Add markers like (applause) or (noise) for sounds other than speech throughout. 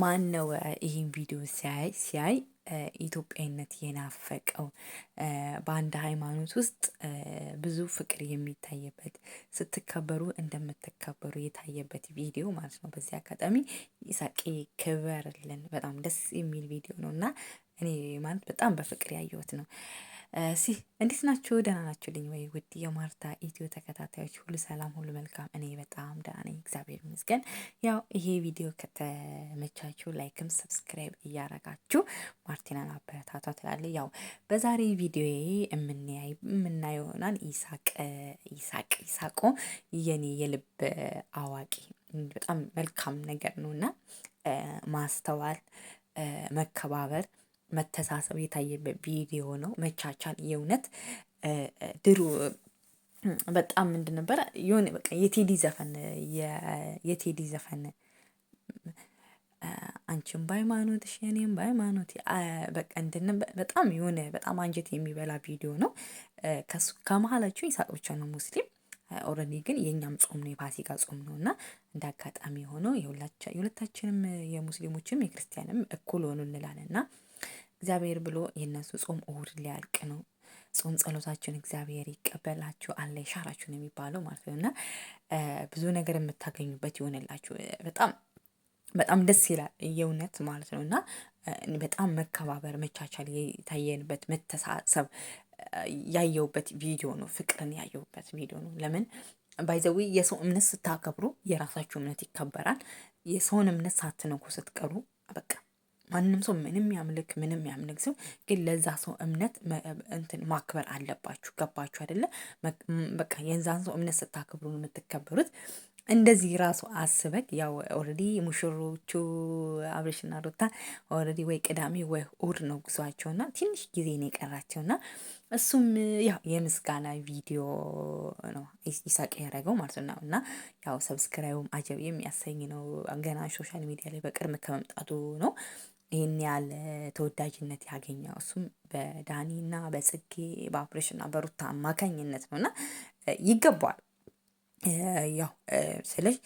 ማን ነው ይህን ቪዲዮ ሲያይ ሲያይ ኢትዮጵያዊነት የናፈቀው በአንድ ሃይማኖት ውስጥ ብዙ ፍቅር የሚታይበት ስትከበሩ እንደምትከበሩ የታየበት ቪዲዮ ማለት ነው። በዚህ አጋጣሚ ይሳቄ ክበርልን። በጣም ደስ የሚል ቪዲዮ ነው እና እኔ ማለት በጣም በፍቅር ያየሁት ነው። ሲ እንዴት ናችሁ? ደህና ናችሁልኝ ወይ? ውድ የማርታ ኢትዮ ተከታታዮች ሁሉ ሰላም፣ ሁሉ መልካም። እኔ በጣም ደህና ነኝ፣ እግዚአብሔር ይመስገን። ያው ይሄ ቪዲዮ ከተመቻችሁ ላይክም ሰብስክራይብ እያረጋችሁ ማርቲናን አበረታቷ ትላለ። ያው በዛሬ ቪዲዮ የምናይ የምናየው ይሆናል ይሳቅ ይሳቅ ይሳቆ የኔ የልብ አዋቂ በጣም መልካም ነገር ነው እና ማስተዋል መከባበር መተሳሰብ የታየበት ቪዲዮ ነው። መቻቻል የእውነት ድሩ በጣም ምንድን ነበረ የሆነ በቃ የቴዲ ዘፈን የቴዲ ዘፈን አንቺም በሃይማኖትሽ እኔም በሃይማኖት በቃ እንድን በጣም የሆነ በጣም አንጀት የሚበላ ቪዲዮ ነው። ከሱ ከመሀላችሁ ይስሐቅ ነው ሙስሊም። ኦልሬዲ ግን የእኛም ጾም ነው የፋሲካ ጾም ነው እና እንደ አጋጣሚ የሆነው የሁለታችንም የሙስሊሞችም የክርስቲያንም እኩል ሆኑ እንላለን እና እግዚአብሔር ብሎ የእነሱ ጾም እሁድ ሊያልቅ ነው። ጾም ጸሎታችሁን እግዚአብሔር ይቀበላችሁ አለ ይሻራችሁን ነው የሚባለው ማለት ነው። እና ብዙ ነገር የምታገኙበት ይሆንላችሁ። በጣም በጣም ደስ ይላል የእውነት ማለት ነው። እና በጣም መከባበር፣ መቻቻል የታየንበት መተሳሰብ ያየውበት ቪዲዮ ነው። ፍቅርን ያየውበት ቪዲዮ ነው። ለምን ባይዘዊ የሰው እምነት ስታከብሩ የራሳችሁ እምነት ይከበራል። የሰውን እምነት ሳትነኩ ስትቀሩ በቃ ማንም ሰው ምንም ያምልክ ምንም ያምልክ ሰው ግን ለዛ ሰው እምነት እንትን ማክበር አለባችሁ። ገባችሁ አይደለ? በቃ የዛን ሰው እምነት ስታክብሩ ነው የምትከበሩት። እንደዚህ ራሱ አስበግ ያው ኦልሬዲ ሙሽሮቹ አብርሽና ሮታ ኦልሬዲ ወይ ቅዳሜ ወይ እሑድ ነው ጉዟቸውና ትንሽ ጊዜ ነው የቀራቸውና እሱም ያው የምስጋና ቪዲዮ ነው ይሳቅ ያደረገው ማለት ነው። እና ያው ሰብስክራይቡም አጀብ የሚያሰኝ ነው። ገና ሶሻል ሚዲያ ላይ በቅርብ ከመምጣቱ ነው። ይህን ያለ ተወዳጅነት ያገኘው እሱም በዳኒና በጽጌ በአፕሬሽንና በሩታ አማካኝነት ነው እና ይገባዋል። ያው ስለሽ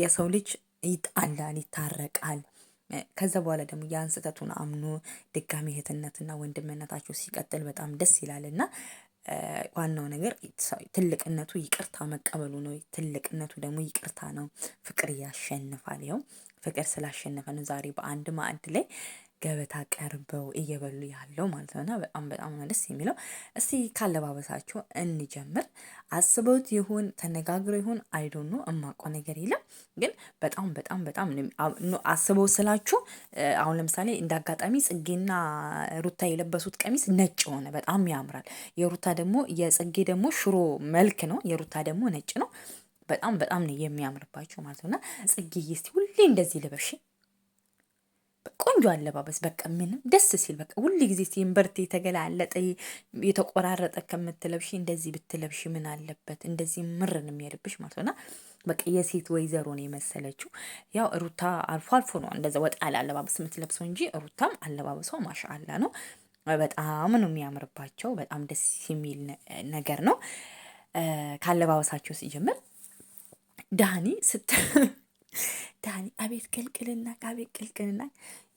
የሰው ልጅ ይጣላል፣ ይታረቃል። ከዛ በኋላ ደግሞ ያን ስህተቱን አምኖ ድጋሚ እህትነትና ወንድምነታቸው ሲቀጥል በጣም ደስ ይላል እና ዋናው ነገር ትልቅነቱ ይቅርታ መቀበሉ ነው። ትልቅነቱ ደግሞ ይቅርታ ነው። ፍቅር ያሸንፋል። ይኸው ፍቅር ስላሸነፈ ነው ዛሬ በአንድ ማዕድ ላይ ገበታ ቀርበው እየበሉ ያለው ማለት ነው። በጣም በጣም ነው ደስ የሚለው። እስቲ ካለባበሳቸው እንጀምር። አስበውት ይሁን ተነጋግረው ይሁን አይዶኖ እማቆ ነገር የለም ግን በጣም በጣም በጣም አስበው ስላችሁ አሁን ለምሳሌ እንደ አጋጣሚ ጽጌና ሩታ የለበሱት ቀሚስ ነጭ ሆነ፣ በጣም ያምራል። የሩታ ደግሞ የጽጌ ደግሞ ሽሮ መልክ ነው፣ የሩታ ደግሞ ነጭ ነው። በጣም በጣም ነው የሚያምርባቸው ማለት ነው። እና እስቲ ሁሌ እንደዚህ ልበሽ ቆንጆ አለባበስ በቃ ምንም ደስ ሲል በቃ ሁሉ ጊዜ ሲንበርት የተገላለጠ የተቆራረጠ ከምትለብሽ እንደዚህ ብትለብሽ ምን አለበት? እንደዚህ ምርን የሚያልብሽ ማለት ነውና በቃ የሴት ነው የመሰለችው ያው ሩታ አልፎ አልፎ ነው እንደዛ ወጣ ያለ አለባበስ የምትለብሰው እንጂ ሩታም አለባበሷ ማሻአላ ነው። በጣም ነው የሚያምርባቸው። በጣም ደስ የሚል ነገር ነው። ካለባበሳቸው ሲጀምር ዳኒ ስት ዳኒ አቤት ቅልቅልና አቤት ቅልቅልና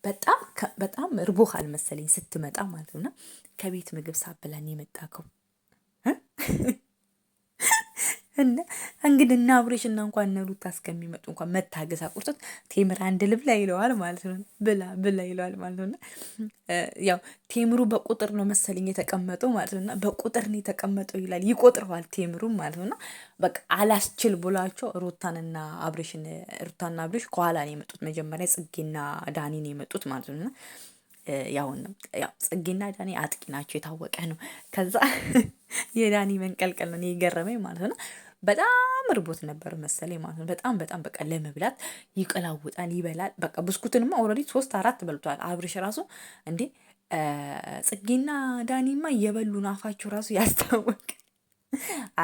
በጣም በጣም ርቦህ አልመሰለኝ ስትመጣ ማለት ነው። ከቤት ምግብ ሳብላን የመጣከው እና አብሬሽ እና አብሬሽና እንኳን ነሩታ እስከሚመጡ እንኳን መታገስ አቁርቶት ቴምር አንድ ልብላ ይለዋል ማለት ነው። ብላ ብላ ይለዋል ማለት ነው። ያው ቴምሩ በቁጥር ነው መሰለኝ የተቀመጠው ማለት ነው። እና በቁጥር ነው የተቀመጠው ይላል ይቆጥረዋል ቴምሩ ማለት ነው። በቃ አላስችል ብሏቸው ሩታንና አብሬሽን ሩታና አብሬሽ ከኋላ ነው የመጡት። መጀመሪያ ጽጌና ዳኒ ነው የመጡት ማለት ነው። ያውን ነው ያው ጽጌና ዳኒ አጥቂ ናቸው፣ የታወቀ ነው። ከዛ (laughs) የዳኒ መንቀልቀል ነው የገረመኝ ማለት ነው። በጣም እርቦት ነበር መሰለኝ ማለት ነው። በጣም በጣም በቃ ለመብላት ይቀላውጣል፣ ይበላል። በቃ ብስኩትንማ ኦልሬዲ ሶስት አራት በልቷል። አብርሽ ራሱ እንዴ ጽጌና ዳኒማ የበሉን አፋቸው ራሱ ያስታወቅ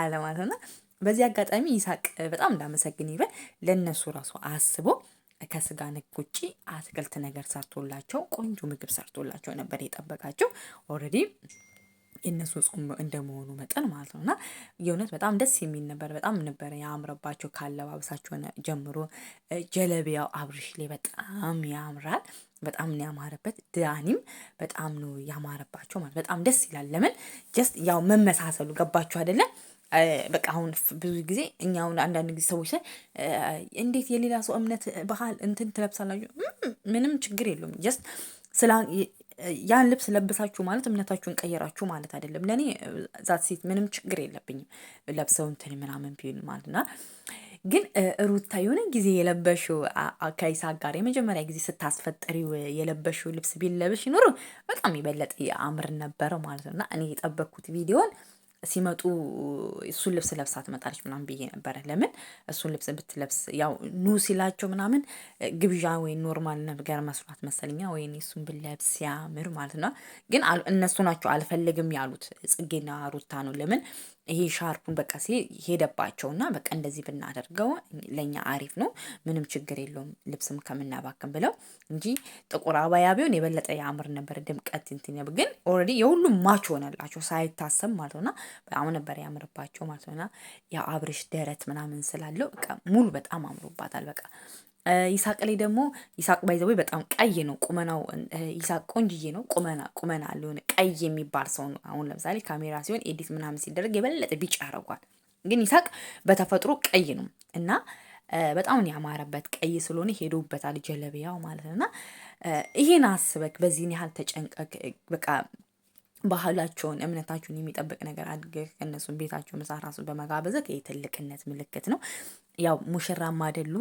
አለ ማለት ነው። በዚህ አጋጣሚ ይሳቅ በጣም እንዳመሰግን ይበል ለእነሱ ራሱ አስቦ ከስጋ ነክ ውጭ አትክልት ነገር ሰርቶላቸው ቆንጆ ምግብ ሰርቶላቸው ነበር የጠበቃቸው ኦልሬዲ የእነሱ ጾም እንደመሆኑ መጠን ማለት ነው። እና የእውነት በጣም ደስ የሚል ነበር። በጣም ነበረ ያምረባቸው ካለባበሳቸው ጀምሮ ጀለቢያው አብርሽ ላይ በጣም ያምራል። በጣም ነው ያማረበት። ዳኒም በጣም ነው ያማረባቸው ማለት በጣም ደስ ይላል። ለምን ጀስት ያው መመሳሰሉ ገባችሁ አይደለም? በቃ አሁን ብዙ ጊዜ እኛ አሁን አንዳንድ ጊዜ ሰዎች ላይ እንዴት የሌላ ሰው እምነት ባህል እንትን ትለብሳላችሁ? ምንም ችግር የለውም ጀስት ያን ልብስ ለብሳችሁ ማለት እምነታችሁን ቀየራችሁ ማለት አይደለም። ለእኔ ዛት ሴት ምንም ችግር የለብኝም ለብሰው እንትን ምናምን ቢሆን ማለት ና ግን ሩታ የሆነ ጊዜ የለበሽው ከይሳ ጋር የመጀመሪያ ጊዜ ስታስፈጥሪው የለበሽው ልብስ ቢለብሽ ይኖሩ በጣም የበለጠ አምር ነበረው ማለት ነው እና እኔ የጠበኩት ቪዲዮን ሲመጡ እሱን ልብስ ለብሳ ትመጣለች ምናምን ብዬ ነበረ። ለምን እሱን ልብስ ብትለብስ ያው ኑ ሲላቸው ምናምን ግብዣ ወይ ኖርማል ነገር መስሏት መሰለኛ ወይ እሱን ብለብስ ሲያምር ማለት ነው። ግን እነሱ ናቸው አልፈልግም ያሉት ጽጌና ሩታ ነው። ለምን ይሄ ሻርፑን በቃ ሲ ሄደባቸውና በቃ እንደዚህ ብናደርገው ለእኛ አሪፍ ነው፣ ምንም ችግር የለውም ልብስም ከምናባክም ብለው እንጂ ጥቁር አባያ ቢሆን የበለጠ ያምር ነበር። ድምቀት እንትን ግን ኦልሬዲ የሁሉም ማች ሆነላቸው ሳይታሰብ ማለት ነውና በጣም ነበር ያምርባቸው ማለት ነውና እና የአብርሽ ደረት ምናምን ስላለው በቃ ሙሉ በጣም አምሮባታል። በቃ ይሳቅ ላይ ደግሞ ይሳቅ ባይዘዌ በጣም ቀይ ነው ቁመናው። ይሳቅ ቆንጅዬ ነው ቁመና ቁመና አለሆነ ቀይ የሚባል ሰው ነው። አሁን ለምሳሌ ካሜራ ሲሆን ኤዲት ምናምን ሲደረግ የበለጠ ቢጫ ያደርጓል። ግን ይሳቅ በተፈጥሮ ቀይ ነው እና በጣም ያማረበት ቀይ ስለሆነ ሄዶበታል ጀለቢያው ማለት ነውና፣ ይሄን አስበክ በዚህን ያህል ተጨንቀክ በቃ ባህላቸውን እምነታቸውን የሚጠብቅ ነገር አድርገህ እነሱን ቤታቸው ምሳ ራሱ በመጋበዘት ይህ ትልቅነት ምልክት ነው። ያው ሙሽራም አይደሉ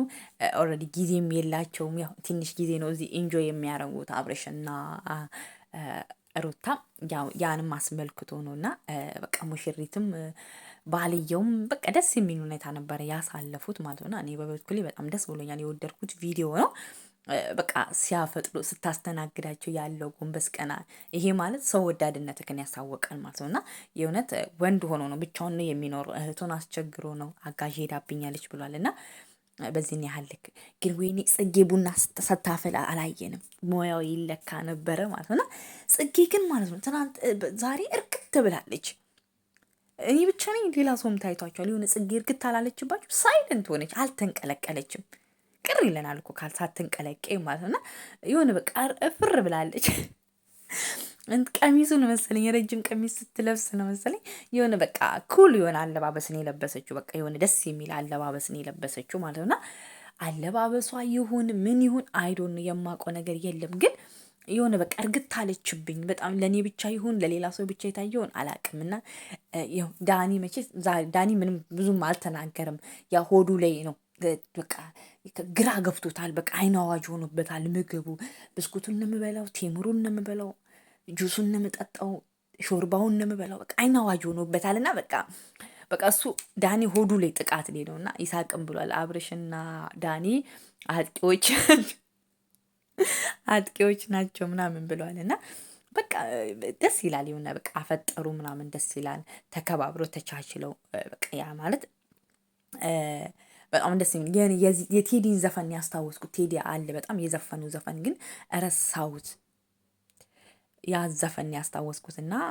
ኦልሬዲ ጊዜም የላቸውም። ያው ትንሽ ጊዜ ነው እዚህ ኢንጆይ የሚያደርጉት አብረሽና ሩታ ያው ያንም አስመልክቶ ነው እና በቃ ሙሽሪትም ባልየውም በቃ ደስ የሚል ሁኔታ ነበረ ያሳለፉት ማለት ነው። እኔ በበኩሌ በጣም ደስ ብሎኛል። የወደድኩት ቪዲዮ ነው። በቃ ሲያፈጥሉ ስታስተናግዳቸው ያለው ጎንበስ ቀና፣ ይሄ ማለት ሰው ወዳድነት ግን ያሳወቀን ማለት ነው። እና የእውነት ወንድ ሆኖ ነው ብቻውን ነው የሚኖረው። እህቱን አስቸግሮ ነው አጋዥ ሄዳብኛለች ብሏል። እና በዚህን ያህል ልክ ግን ወይኔ ጽጌ ቡና ስታፈል አላየንም። ሙያው ይለካ ነበረ ማለት ነው። እና ጽጌ ግን ማለት ነው ትናንት ዛሬ እርግጥ ትብላለች። እኔ ብቻ ነኝ ሌላ ሰውም ታይቷቸዋል። የሆነ ጽጌ እርግጥ አላለችባቸው፣ ሳይለንት ሆነች፣ አልተንቀለቀለችም። ቅር ይለናል እኮ ካልሳትን ቀለቄ ማለት ነውና የሆነ በቃ እፍር ብላለች። ቀሚሱን መሰለኝ የረጅም ቀሚስ ስትለብስ ነው መሰለኝ የሆነ በቃ ኩል የሆነ አለባበስን የለበሰችው በቃ የሆነ ደስ የሚል አለባበስን የለበሰችው ማለት ነውና አለባበሷ ይሁን ምን ይሁን አይዶን የማውቀው ነገር የለም ግን የሆነ በቃ እርግት አለችብኝ። በጣም ለእኔ ብቻ ይሁን ለሌላ ሰው ብቻ የታየውን አላቅም። እና ዳኒ መቼ ዳኒ ምንም ብዙም አልተናገርም። ያ ሆዱ ላይ ነው በቃ ግራ ገብቶታል። በቃ አይን አዋጅ ሆኖበታል። ምግቡ ብስኩቱን እንምበላው፣ የምበላው፣ ቴምሩን ነው የምበላው፣ ጁሱን ነው ሾርባውን ነው በቃ አይን አዋጅ ሆኖበታል እና በቃ በቃ እሱ ዳኒ ሆዱ ላይ ጥቃት ላይ ነው እና ይሳቅም ብሏል። አብርሽና ዳኒ አጥቂዎች (laughs) አጥቂዎች ናቸው ምናምን ብለዋል እና በቃ ደስ ይላል። የሆነ በቃ አፈጠሩ ምናምን ደስ ይላል። ተከባብሮ ተቻችለው በቃ ያ ማለት በጣም ደስ የሚል ግን የቴዲን ዘፈን ያስታወስኩት። ቴዲ አለ በጣም የዘፈኑ ዘፈን ግን ረሳሁት። ያ ዘፈን ያስታወስኩት እና